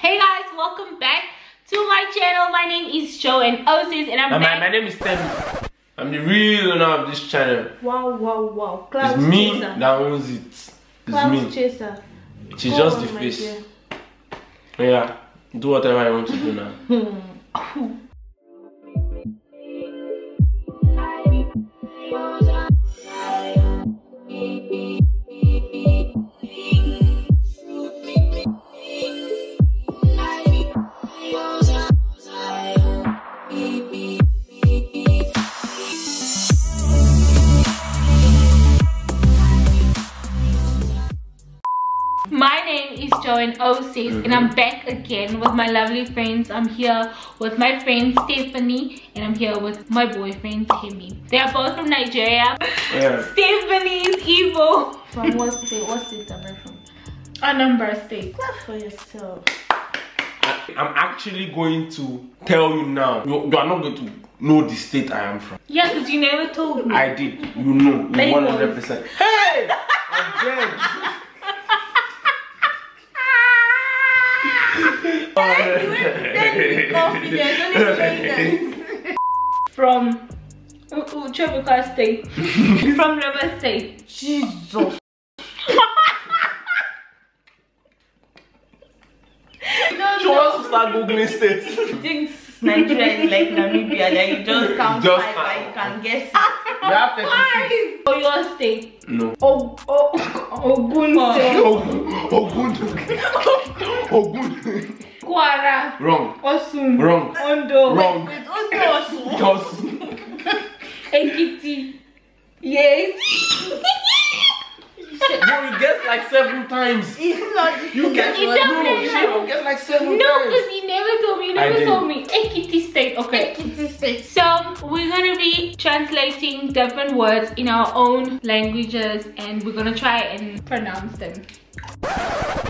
hey guys welcome back to my channel my name is Joe and Osis and I'm back. My, my name is Tim. I'm the real owner of this channel wow wow wow Cloud it's me chaser. that owns it it's Cloud me chaser. she's Go just the face yeah do whatever I want to do now Lauren 06 mm -hmm. and mm-hmm. I'm back again with my lovely friends. I'm here with my friend Stephanie and I'm here with my boyfriend Timmy. They are both from Nigeria. Yeah. Stephanie is evil. From what state? What state are I from? Anambra State. Clap for yourself. I'm actually going to tell you now. You are not going to know the state I am from. Yeah, because you never told me. I did. You know. You 100%. Hey! I'm dead. From Uchubuka State. From River State. Jesus. no, she no. wants to start googling states. Things Nigeria is like Namibia that you just count just five count. you can guess it. You have 36. Oyo State. No. oh, o Ogun State. Ogun. Ogun. Ogun. Kwara. Wrong. Osun. Wrong. Ondo. Wrong. Wait, wait, Osun. Osun. Ekiti. Yes. no, you guessed like seven times. It's not. You guessed like no, no, you guessed like seven no, times. No, because you never told me. You never told me. Ekiti state. Okay. Ekiti state. So we're gonna be translating different words in our own languages, and we're gonna try and pronounce them.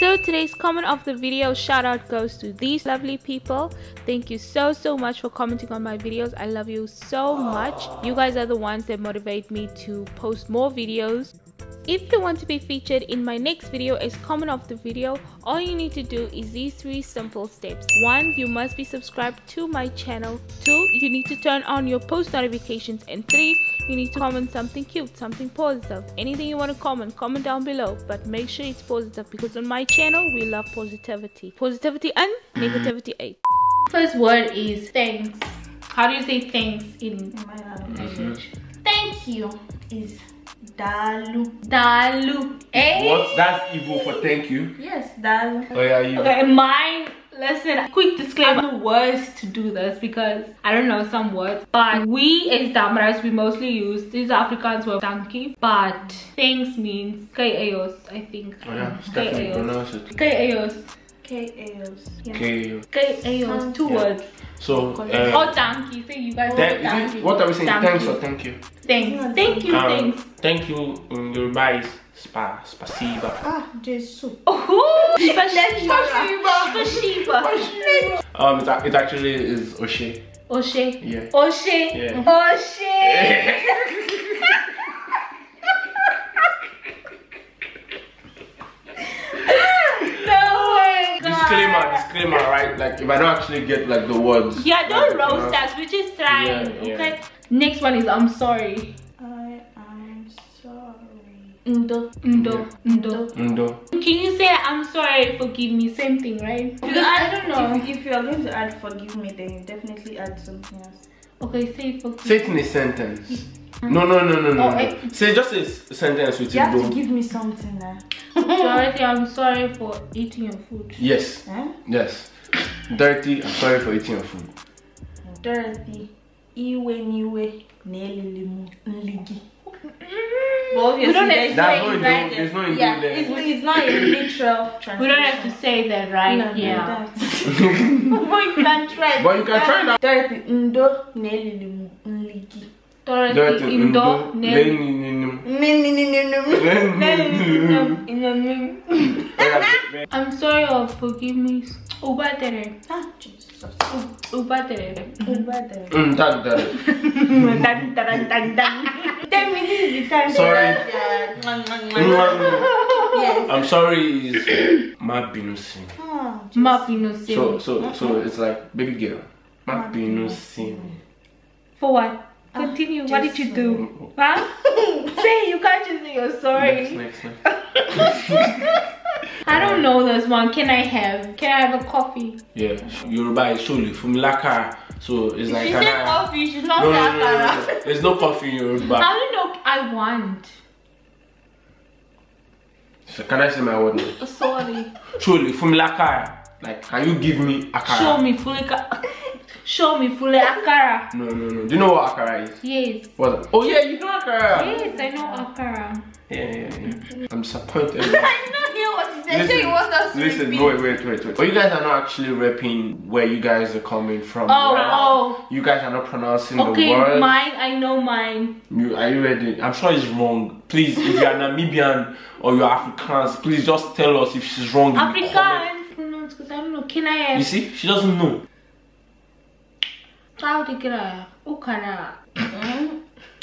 So today's comment of the video shout out goes to these lovely people. Thank you so so much for commenting on my videos. I love you so much. You guys are the ones that motivate me to post more videos. If you want to be featured in my next video as comment of the video, all you need to do is these three simple steps. 1. You must be subscribed to my channel. 2. You need to turn on your post notifications. And 3. You need to comment something cute, something positive. Anything you want to comment, comment down below. But make sure it's positive because on my channel, we love positivity. Positivity and negativity 8. First word is thanks. How do you say thanks in, in my language? Mm -hmm. Thank you is Dalu. Dalu. Eh? What? That's for thank you? Yes, Dalu. Oh yeah, you. Okay, mine listen quick disclaimer i'm the worst to do this because i don't know some words but we is damaras we mostly use these africans were donkey but things means kaeos i think oh yeah kaeos kaeos kaeos kaeos two yeah. words so oh, uh, oh, thank you. Say you guys. That, thank you. What are we saying? Thank Thanks you. or thank you. Thanks. Thank, you. Um, thanks. Thank you in Yoruba is spa, spasiba. Ah, Jesus. Oh, spasiba. Spasiba. Spasiba. Um, it, it actually is Oshe. Oshe. Yeah. Oshe. Yeah. Oshe. disclaimer, right? Like if I don't actually get like the words. Yeah, don't like, roast you know? us. We're just trying. Yeah, okay. Next one is I'm sorry. I am sorry. Ndo, ndo, ndo. Ndo. Can you say I'm sorry, forgive me? Same thing, right? Because I, don't know. If, if you are going to add forgive me, then you definitely add something else. Okay, say forgive. Say it in a sentence. Mm. No, no, no, no, no. Oh, no. Eh. Say just a sentence with you. You have to don't. give me something now. Eh? Dorothy, I'm sorry for eating your food. Yes. Huh? Eh? Yes. Dirty. I'm sorry for eating your food. Dirty. iwe niwe neli limu nligi. We don't have to say it right. It's not in yeah, It's, not a literal translation. We don't have to say that right no, yeah. but you can try. But you can try that. Dorothy, ndo limu. I'm sorry or forgive me. Ubatere. Ah, Jesus. Ubatere. Ubatere. Hmm, Ten minutes is the time. Sorry. I'm sorry is Mabinusin. Oh, Mabinusin. So so so it's like baby girl. My Mabinusin. For what? Continue. Uh, what did you do? huh? Say you can't just say you're sorry. Next, next, next. I don't know this one. Can I have? Can I have a coffee? Yeah, Yoruba is surely from Laka. So it's like. She said coffee. She's not no, no, no, no, There's no coffee in Yoruba. I don't know. I want. So can I say my word Sorry. Surely from Laka. Like, can you give me a akara? Show me fully. show me fully akara. No, no, no. Do you know what akara is? Yes. What? Oh yeah, you know akara. Yes, I know akara. Yeah, yeah, yeah. I'm disappointed. I know what you said. Listen, listen, no, wait, wait, wait, wait. But oh, you guys are not actually rapping where you guys are coming from. Oh, right? oh. You guys are not pronouncing okay, the word. Okay, mine. I know mine. You are you ready? I'm sure it's wrong. Please, if you are Namibian or you're Afrikaans, please just tell us if she's wrong. Afrikaans. Because I don't know, can I? You see, she doesn't know. Cloud Ikra, Ukara.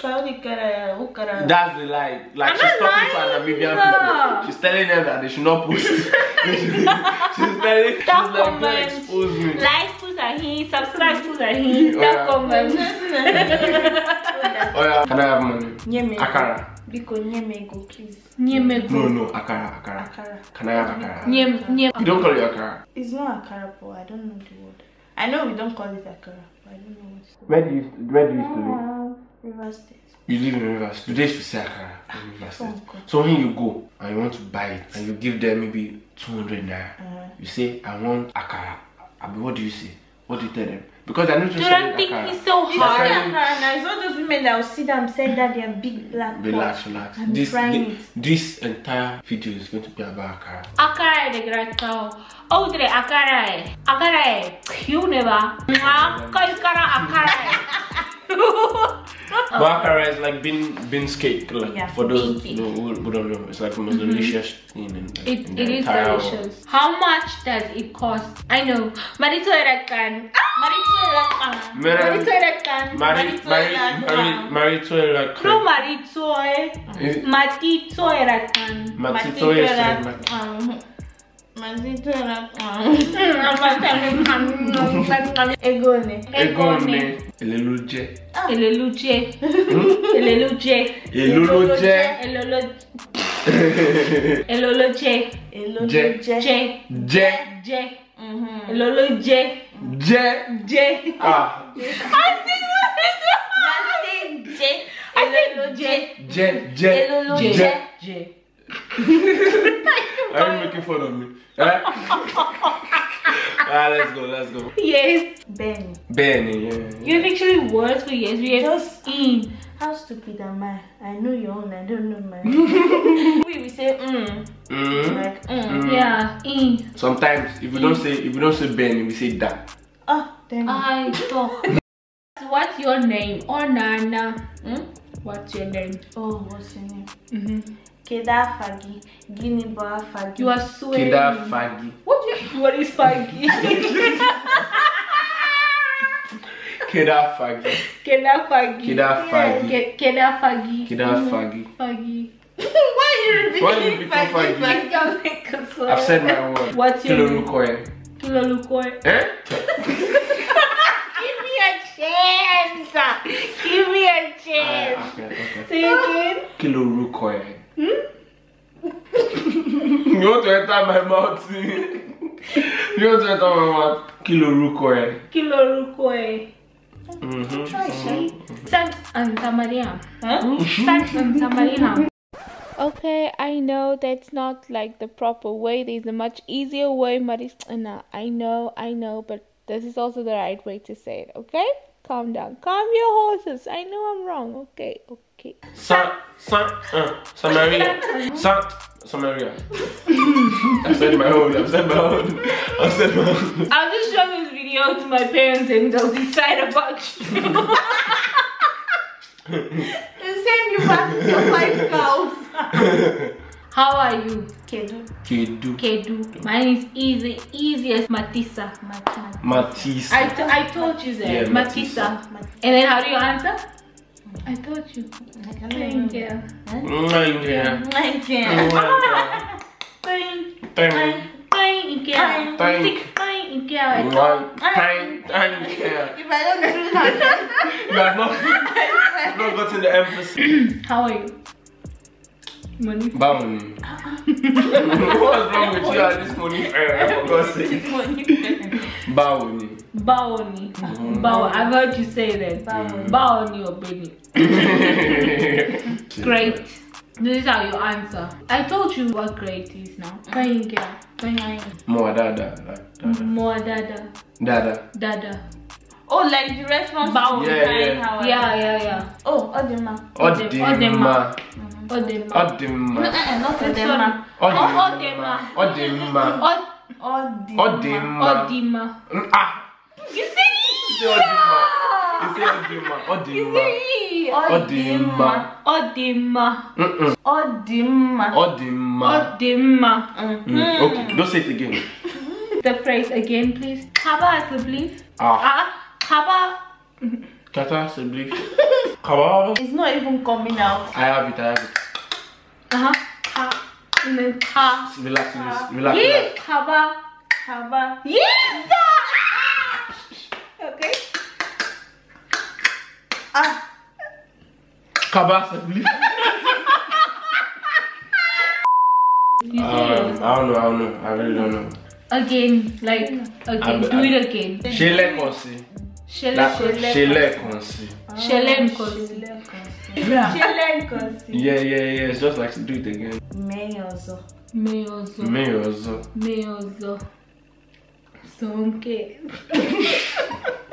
Cloud Ikra, Ukara. That's the lie. Like she's talking to Namibian people. She's telling them that they should not post. she's telling That like, don't expose me. Like, push a hint, subscribe, push a hint. Don't comment. Oh yeah, can I have money? Nyeme. Akara. Biko nyemego, please. Nyemego. No, no, akara, akara. Akara. Can I have akara? Nyem, nyem. You don't call it akara. It's not akara, but I don't know the word. I know we don't call it akara. Where do you where do you used to live? River You live in River Today is Pusaka, River State. Oh, God. so when you go and you want to buy it and you give them maybe two hundred naira, uh-huh. you say, I want akara. Abi, what do you say? what do you tell them? Because I are not just. Do not think he's so hard. It's not It's those women that will see them and say that they are big black. Relax, relax. I'm this, this, this entire video is going to be about Akara. Akara eh, the great cow. Oh, today Akara. Eh. Akara. Eh. You never. Akara, Akara. Oh. Bakara is like bean beans cake. Like, yeah, for those who, who, don't know, it's like the most mm -hmm. delicious thing. In, like, it, in it is delicious. World. How much does it cost? I know. Marito ah! Erakan. Marito Erakan. Marito Erakan. Marito Erakan. Marito Erakan. No, Marito. Eh? Matito Erakan. Matito Erakan. Matito um, Erakan. Egone. Egone. Eleluje èlò ló jẹ́ èlò ló jẹ́ èlò ló jẹ́ èlò ló jẹ́ èlò jẹ́ èlò ló jẹ́ jẹ́ jẹ́ ah I see jẹ́ èlò ló jẹ́ jẹ́ jẹ́ èlò ló jẹ́ jẹ́. Are you making fun of me? Eh? ah, let's go, let's go. Yes. Benny. Benny, yeah. You have actually words for yes, we have just in. How stupid am I? I know your own, I don't know mine. we, we say mm. Mm. Like mm. mm. Yeah, in. Sometimes if we don't say if we don't say Benny, we say that. Oh, damn. I thought. What's your name? Oh, Nana. Hmm? What's your name? Oh, what's your name? Mm -hmm. Keda Fagi. Giniba Fagi. You are so Keda Fagi. What do you what is Fagi? Keda Fagi. Keda Fagi. Keda Fagi. Keda Fagi. Keda Fagi. Fagi. Why are you repeating Why are you Fagi? Fagi? Fagi? I've said my word. What's your name? Kilolukoye. Kilolukoye. Eh? out my mouth. you want to out my mouth? Kí lorúkọ ẹ. Kí lorúkọ Okay, I know that's not like the proper way. There's a much easier way, Maris. Uh, I know, I know, but this is also the right way to say it. Okay, calm down, calm your horses. I know I'm wrong. Okay, okay. San, San, uh, San Maria, San. Samaria. I've said my own, I've said my own, I've said my own. I'll just show this video to my parents and they'll decide about you. they send you back to your wife's house. How are you? Kedu. Kedu. Kedu. Mine is easy, easiest Matissa. Matissa. I, I told you that. Yeah, And then how do you answer? I told you. Thank you. Thank you. Thank you. Thank you. Thank you. Thank you. Thank you. Thank you. If I don't do that, you have not, not gotten the emphasis. How you? Money. Bam. What's wrong with you at this morning? I forgot. Money. Bam bow on mm-hmm. Bow. I've heard you say that. Bow, mm. bow on great. This is how you answer. I told you what great is now. you. More dada. More dada. Dada. Dada. Oh, like the response. Bow. Yeah, yeah. yeah, yeah, yeah. Oh, Odema. Odema. Odema. Mm-hmm. Odema. Odema. No, uh, not oh, Odema. Odema. Odema. Odema. Odema. Mm, ah. Odema. Odema. Odema. Odema. Odema. Odema. Ọdịmma. Ọdịmma. Ọdịmma. Ọdịmma. Ọdịmma. Ọdịmma. Ọdịmma. Okay, don't say it again. the phrase again, please. Kaba siblings. Ah. Ah. Kaba. Kata siblings. Kaba. It's not even coming out. I have it. I have it. Uh huh. Ka. Relax, relax, relax. Yes, kaba, kaba. Yes. Kabasa, please. Uh, I don't know, I don't know. I really don't know. Again, like, again, I'm, do I'm, it again. Shele Konsi. Shele Konsi. Shele Konsi. Shele Konsi. Ah, yeah, yeah, yeah. It's just like do it again. Meyozo. Meyozo. Meyozo. Meyozo. Sonke.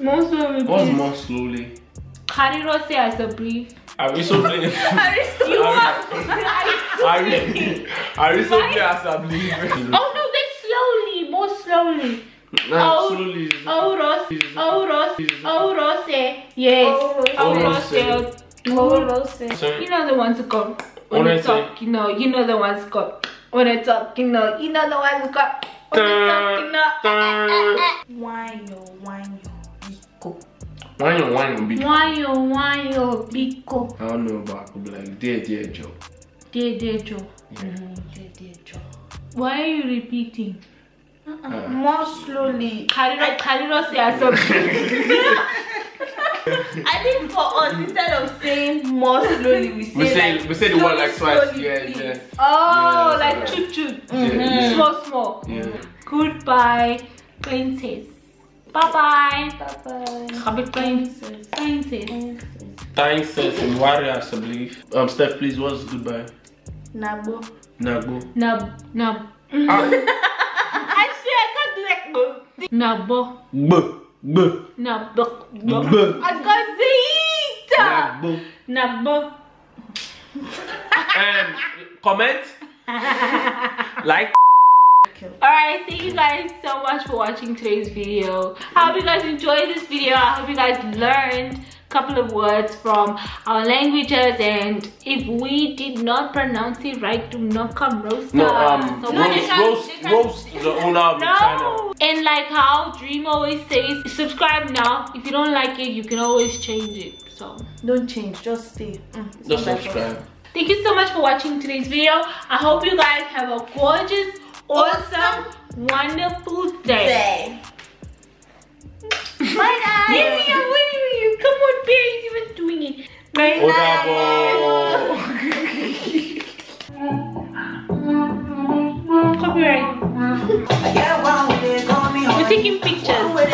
more slowly. What's more slowly? Harry Rossi as a brief. Are we so playing? Are you are. Are we? Are we so playing as a brief? Oh no, they slowly, more slowly. Absolutely. Oh Rossi. Oh Rossi. Oh Rossi. Oh, yes. Oh Rossi. Oh Rossi. Oh, you know the ones who go. When I talk, you know, you know the ones who go. When I talk, you know, you know the ones who go. When I talk, you know. Why no? Why no? bico. Why you bico. Wanyo, wanyo, bico. I don't know about like dear, dear Joe. Dear, dear Joe. Yeah. Mm, dear, dear Joe. Why are you repeating? Uh -uh. More slowly. Carino, Carino say something. I think for us, instead of saying more slowly, we say we say, like, we say the word like twice. Yeah, yeah. Oh, yeah, like right. choo choo. Mm -hmm. yeah. Small, small. Yeah. Goodbye, princess. Bye-bye. Bye-bye. Habib time. Time sis. Time sis and I believe. Um, Steph, please, what's goodbye? Nabo. Nabo. Nab. Ah. I see. I can't do that. Nabo. B. B. Nabo. B. I got the heat. Nabo. Nabo. um, comment. like cute. Alright, thank you guys so much for watching today's video. I hope you guys enjoyed this video. I hope you guys learned a couple of words from our languages and if we did not pronounce it right, do not come roast no, us. Um, so no, roast, roast, roast the owner of no. China. And like how Dream always says, subscribe now. If you don't like it, you can always change it. So don't change, just stay. Mm, just subscribe. Thank you so much for watching today's video. I hope you guys have a gorgeous awesome, wonderful day. day. Bye guys. Yes, I'm winning with you. Come on, Barry's even doing it. Bye guys. Copyright. We're taking pictures.